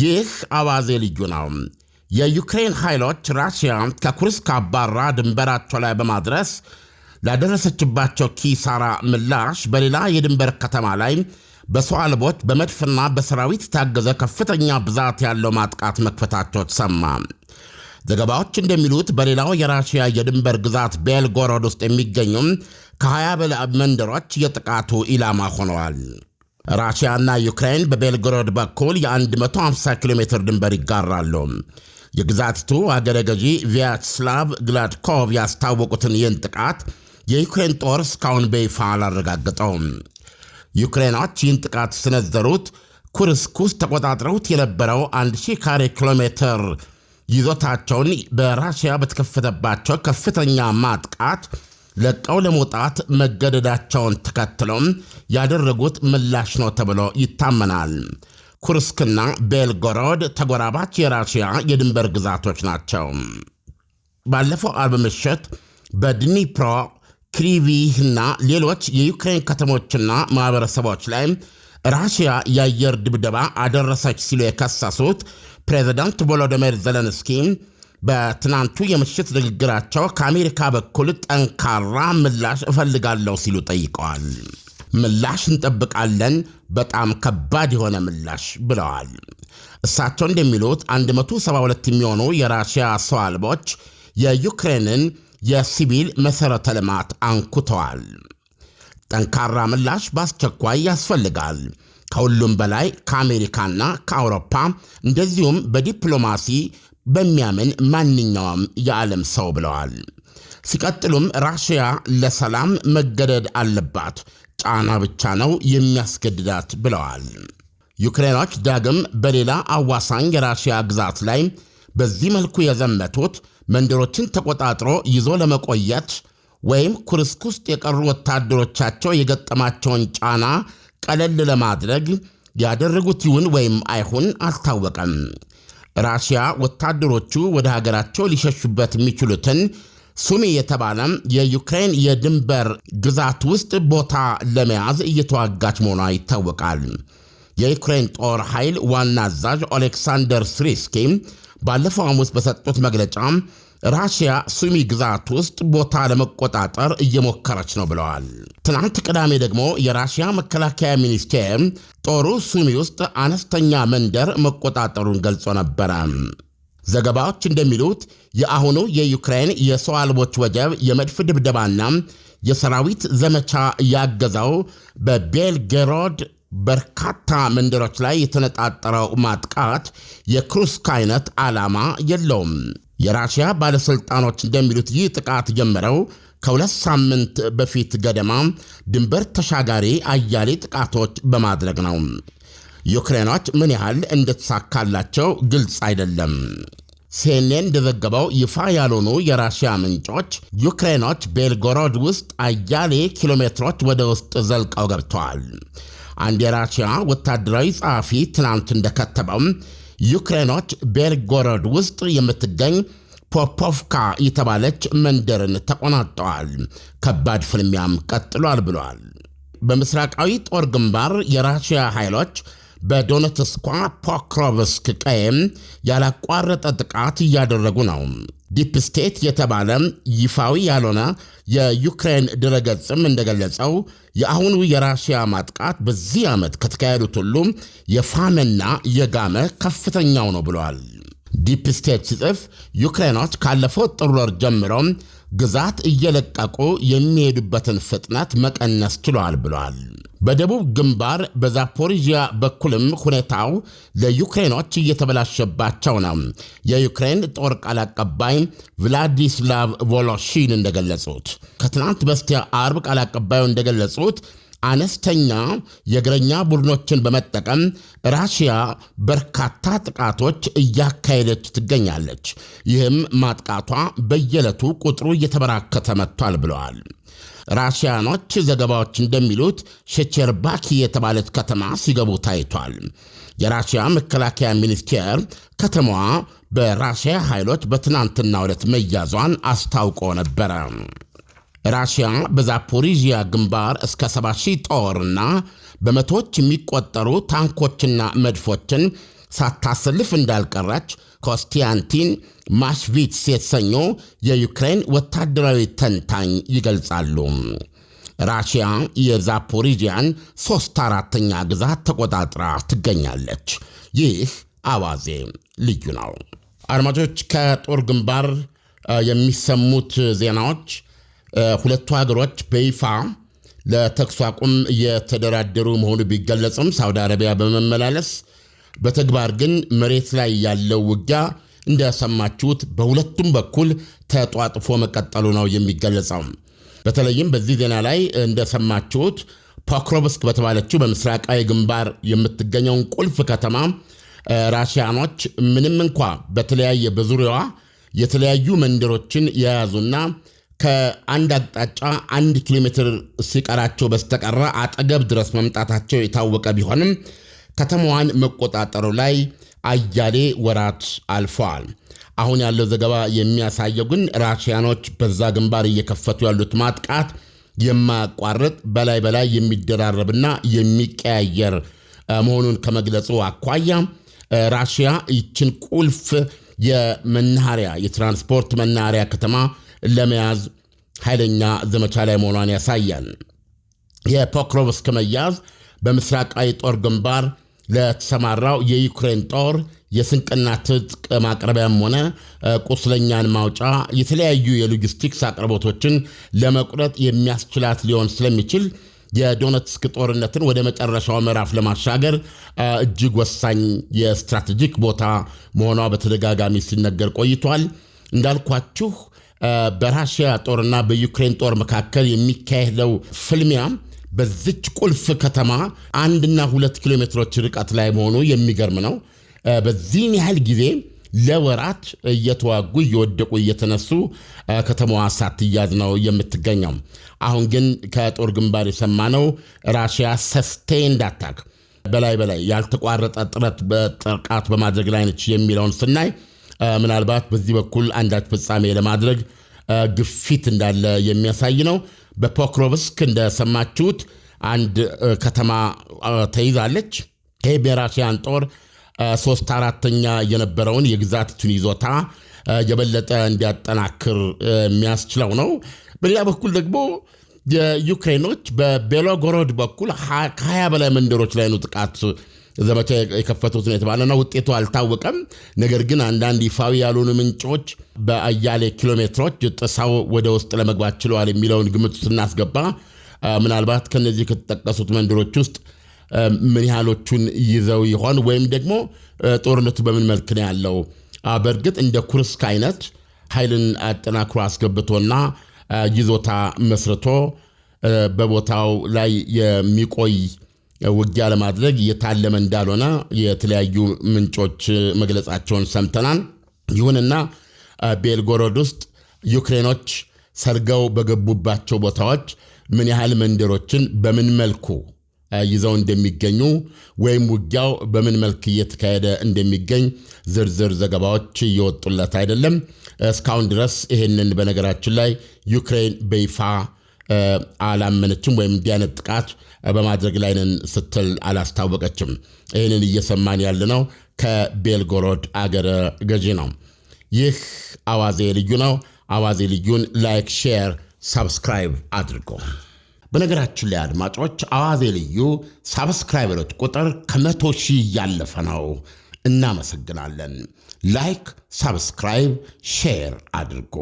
ይህ አዋዜ ልዩ ነው። የዩክሬን ኃይሎች ራሽያ ከኩርስክ አባራ ድንበራቸው ላይ በማድረስ ላደረሰችባቸው ኪሳራ ምላሽ በሌላ የድንበር ከተማ ላይ በሰው አልቦች በመድፍና በሰራዊት የታገዘ ከፍተኛ ብዛት ያለው ማጥቃት መክፈታቸው ተሰማ። ዘገባዎች እንደሚሉት በሌላው የራሽያ የድንበር ግዛት ቤልጎሮድ ውስጥ የሚገኙም ከ20 በላይ መንደሮች የጥቃቱ ኢላማ ሆነዋል። ራሽያና ዩክሬን በቤልግሮድ በኩል የ150 ኪሎ ሜትር ድንበር ይጋራሉ። የግዛቲቱ አገረ ገዢ ቪያትስላቭ ግላድኮቭ ያስታወቁትን ይህን ጥቃት የዩክሬን ጦር እስካሁን በይፋ አላረጋገጠውም። ዩክሬኖች ይህን ጥቃት ስነዘሩት ኩርስክ ውስጥ ተቆጣጥረውት የነበረው 1000 ካሬ ኪሎ ሜትር ይዞታቸውን በራሽያ በተከፈተባቸው ከፍተኛ ማጥቃት ለቀው ለመውጣት መገደዳቸውን ተከትሎም ያደረጉት ምላሽ ነው ተብሎ ይታመናል። ኩርስክና ቤልጎሮድ ተጎራባች የራሽያ የድንበር ግዛቶች ናቸው። ባለፈው አርብ ምሽት በድኒፕሮ ክሪቪህና ሌሎች የዩክሬን ከተሞችና ማኅበረሰቦች ላይ ራሽያ የአየር ድብደባ አደረሰች ሲሉ የከሰሱት ፕሬዚዳንት ቮሎዲሚር ዘለንስኪ በትናንቱ የምሽት ንግግራቸው ከአሜሪካ በኩል ጠንካራ ምላሽ እፈልጋለሁ ሲሉ ጠይቀዋል። ምላሽ እንጠብቃለን፣ በጣም ከባድ የሆነ ምላሽ ብለዋል። እሳቸው እንደሚሉት 172 የሚሆኑ የራሽያ ሰው አልቦች የዩክሬንን የሲቪል መሠረተ ልማት አንኩተዋል። ጠንካራ ምላሽ በአስቸኳይ ያስፈልጋል። ከሁሉም በላይ ከአሜሪካና ከአውሮፓ እንደዚሁም በዲፕሎማሲ በሚያምን ማንኛውም የዓለም ሰው ብለዋል። ሲቀጥሉም ራሽያ ለሰላም መገደድ አለባት፣ ጫና ብቻ ነው የሚያስገድዳት ብለዋል። ዩክሬኖች ዳግም በሌላ አዋሳኝ የራሽያ ግዛት ላይ በዚህ መልኩ የዘመቱት መንደሮችን ተቆጣጥሮ ይዞ ለመቆየት ወይም ኩርስክ ውስጥ የቀሩ ወታደሮቻቸው የገጠማቸውን ጫና ቀለል ለማድረግ ያደረጉት ይሁን ወይም አይሁን አልታወቀም። ራሽያ ወታደሮቹ ወደ ሀገራቸው ሊሸሹበት የሚችሉትን ሱሚ የተባለ የዩክሬን የድንበር ግዛት ውስጥ ቦታ ለመያዝ እየተዋጋች መሆኗ ይታወቃል። የዩክሬን ጦር ኃይል ዋና አዛዥ ኦሌክሳንደር ስሪስኪ ባለፈው ሐሙስ በሰጡት መግለጫ ራሽያ ሱሚ ግዛት ውስጥ ቦታ ለመቆጣጠር እየሞከረች ነው ብለዋል። ትናንት ቅዳሜ ደግሞ የራሽያ መከላከያ ሚኒስቴር ጦሩ ሱሚ ውስጥ አነስተኛ መንደር መቆጣጠሩን ገልጾ ነበረ። ዘገባዎች እንደሚሉት የአሁኑ የዩክሬን የሰው አልቦች ወጀብ የመድፍ ድብደባና የሰራዊት ዘመቻ ያገዛው በቤልጌሮድ በርካታ መንደሮች ላይ የተነጣጠረው ማጥቃት የክሩስክ አይነት ዓላማ የለውም። የራሽያ ባለሥልጣኖች እንደሚሉት ይህ ጥቃት ጀመረው ከሁለት ሳምንት በፊት ገደማ ድንበር ተሻጋሪ አያሌ ጥቃቶች በማድረግ ነው። ዩክሬኖች ምን ያህል እንደተሳካላቸው ግልጽ አይደለም። ሴሌን እንደዘገበው ይፋ ያልሆኑ የራሽያ ምንጮች ዩክሬኖች ቤልጎሮድ ውስጥ አያሌ ኪሎ ሜትሮች ወደ ውስጥ ዘልቀው ገብተዋል። አንድ የራሽያ ወታደራዊ ጸሐፊ ትናንት እንደከተበው ዩክሬኖች ቤልጎሮድ ውስጥ የምትገኝ ፖፖቭካ የተባለች መንደርን ተቆናጠዋል። ከባድ ፍልሚያም ቀጥሏል ብሏል። በምስራቃዊ ጦር ግንባር የራሽያ ኃይሎች በዶነትስኳ ፖክሮቭስክ ቀየም ያላቋረጠ ጥቃት እያደረጉ ነው። ዲፕ ስቴት የተባለ ይፋዊ ያልሆነ የዩክሬን ድረገጽም እንደገለጸው የአሁኑ የራሽያ ማጥቃት በዚህ ዓመት ከተካሄዱት ሁሉ የፋመና የጋመ ከፍተኛው ነው ብለዋል። ዲፕ ስቴት ሲጽፍ ዩክሬኖች ካለፈው ጥር ወር ጀምሮ ግዛት እየለቀቁ የሚሄዱበትን ፍጥነት መቀነስ ችለዋል ብለዋል። በደቡብ ግንባር በዛፖሪዥያ በኩልም ሁኔታው ለዩክሬኖች እየተበላሸባቸው ነው። የዩክሬን ጦር ቃል አቀባይ ቭላዲስላቭ ቮሎሺን እንደገለጹት ከትናንት በስቲያ አርብ ቃል አቀባዩ እንደገለጹት አነስተኛ የእግረኛ ቡድኖችን በመጠቀም ራሽያ በርካታ ጥቃቶች እያካሄደች ትገኛለች። ይህም ማጥቃቷ በየዕለቱ ቁጥሩ እየተበራከተ መጥቷል ብለዋል። ራሽያኖች ዘገባዎች እንደሚሉት ሸቸርባኪ የተባለች ከተማ ሲገቡ ታይቷል። የራሽያ መከላከያ ሚኒስቴር ከተማዋ በራሽያ ኃይሎች በትናንትና ዕለት መያዟን አስታውቆ ነበረ። ራሽያ በዛፖሪዥያ ግንባር እስከ 70 ሺህ ጦርና በመቶዎች የሚቆጠሩ ታንኮችና መድፎችን ሳታሰልፍ እንዳልቀራች ኮስቲያንቲን ማሽቪትስ የተሰኙ የዩክሬን ወታደራዊ ተንታኝ ይገልጻሉ። ራሽያ የዛፖሪዥያን ሦስት አራተኛ ግዛት ተቆጣጥራ ትገኛለች። ይህ አዋዜ ልዩ ነው። አድማጮች ከጦር ግንባር የሚሰሙት ዜናዎች ሁለቱ ሀገሮች በይፋ ለተኩስ አቁም እየተደራደሩ መሆኑ ቢገለጽም ሳውዲ አረቢያ በመመላለስ በተግባር ግን መሬት ላይ ያለው ውጊያ እንደሰማችሁት በሁለቱም በኩል ተጧጥፎ መቀጠሉ ነው የሚገለጸው። በተለይም በዚህ ዜና ላይ እንደሰማችሁት ፖክሮቭስክ በተባለችው በምስራቃዊ ግንባር የምትገኘውን ቁልፍ ከተማ ራሽያኖች ምንም እንኳ በተለያየ በዙሪያዋ የተለያዩ መንደሮችን የያዙና ከአንድ አቅጣጫ አንድ ኪሎ ሜትር ሲቀራቸው በስተቀረ አጠገብ ድረስ መምጣታቸው የታወቀ ቢሆንም ከተማዋን መቆጣጠሩ ላይ አያሌ ወራት አልፈዋል። አሁን ያለው ዘገባ የሚያሳየው ግን ራሽያኖች በዛ ግንባር እየከፈቱ ያሉት ማጥቃት የማያቋርጥ በላይ በላይ የሚደራረብና የሚቀያየር መሆኑን ከመግለጹ አኳያ ራሽያ ይችን ቁልፍ የመናኸሪያ የትራንስፖርት መናኸሪያ ከተማ ለመያዝ ኃይለኛ ዘመቻ ላይ መሆኗን ያሳያል። የፖክሮቭስክ መያዝ በምስራቃዊ ጦር ግንባር ለተሰማራው የዩክሬን ጦር የስንቅና ትጥቅ ማቅረቢያም ሆነ ቁስለኛን ማውጫ የተለያዩ የሎጂስቲክስ አቅርቦቶችን ለመቁረጥ የሚያስችላት ሊሆን ስለሚችል የዶነትስክ ጦርነትን ወደ መጨረሻው ምዕራፍ ለማሻገር እጅግ ወሳኝ የስትራቴጂክ ቦታ መሆኗ በተደጋጋሚ ሲነገር ቆይቷል። እንዳልኳችሁ በራሽያ ጦርና በዩክሬን ጦር መካከል የሚካሄደው ፍልሚያ በዚች ቁልፍ ከተማ አንድና ሁለት ኪሎ ሜትሮች ርቀት ላይ መሆኑ የሚገርም ነው። በዚህን ያህል ጊዜ ለወራት እየተዋጉ እየወደቁ እየተነሱ ከተማዋ ሳትያዝ ነው የምትገኘው። አሁን ግን ከጦር ግንባር የሰማነው ራሽያ ሰስቴንድ አታክ በላይ በላይ ያልተቋረጠ ጥረት በጥርቃት በማድረግ ላይ ነች የሚለውን ስናይ ምናልባት በዚህ በኩል አንዳች ፍጻሜ ለማድረግ ግፊት እንዳለ የሚያሳይ ነው። በፖክሮቭስክ እንደሰማችሁት አንድ ከተማ ተይዛለች። ይህም የራሽያን ጦር ሶስት አራተኛ የነበረውን የግዛቲቱን ይዞታ የበለጠ እንዲያጠናክር የሚያስችለው ነው። በሌላ በኩል ደግሞ የዩክሬኖች በቤሎጎሮድ በኩል ከሀያ በላይ መንደሮች ላይ ነው ጥቃት ዘመቻ የከፈቱትን የተባለ እና ውጤቱ አልታወቀም። ነገር ግን አንዳንድ ይፋዊ ያልሆኑ ምንጮች በአያሌ ኪሎ ሜትሮች ጥሳው ወደ ውስጥ ለመግባት ችለዋል የሚለውን ግምት ስናስገባ ምናልባት ከነዚህ ከተጠቀሱት መንደሮች ውስጥ ምን ያህሎቹን ይዘው ይሆን ወይም ደግሞ ጦርነቱ በምን መልክ ነው ያለው? በእርግጥ እንደ ኩርስክ አይነት ኃይልን አጠናክሮ አስገብቶና ይዞታ መስርቶ በቦታው ላይ የሚቆይ ውጊያ ለማድረግ የታለመ እንዳልሆነ የተለያዩ ምንጮች መግለጻቸውን ሰምተናል። ይሁንና ቤልጎሮድ ውስጥ ዩክሬኖች ሰርገው በገቡባቸው ቦታዎች ምን ያህል መንደሮችን በምን መልኩ ይዘው እንደሚገኙ ወይም ውጊያው በምን መልክ እየተካሄደ እንደሚገኝ ዝርዝር ዘገባዎች እየወጡለት አይደለም። እስካሁን ድረስ ይህንን በነገራችን ላይ ዩክሬን በይፋ አላመነችም ወይም እንዲያነት ጥቃት በማድረግ ላይ ነን ስትል አላስታወቀችም። ይህንን እየሰማን ያለነው ከቤልጎሮድ አገረ ገዢ ነው። ይህ አዋዜ ልዩ ነው። አዋዜ ልዩን ላይክ፣ ሼር፣ ሳብስክራይብ አድርጎ በነገራችን ላይ አድማጮች አዋዜ ልዩ ሰብስክራይበሮች ቁጥር ከመቶ ሺህ እያለፈ ነው። እናመሰግናለን። ላይክ፣ ሰብስክራይብ ሼር አድርጎ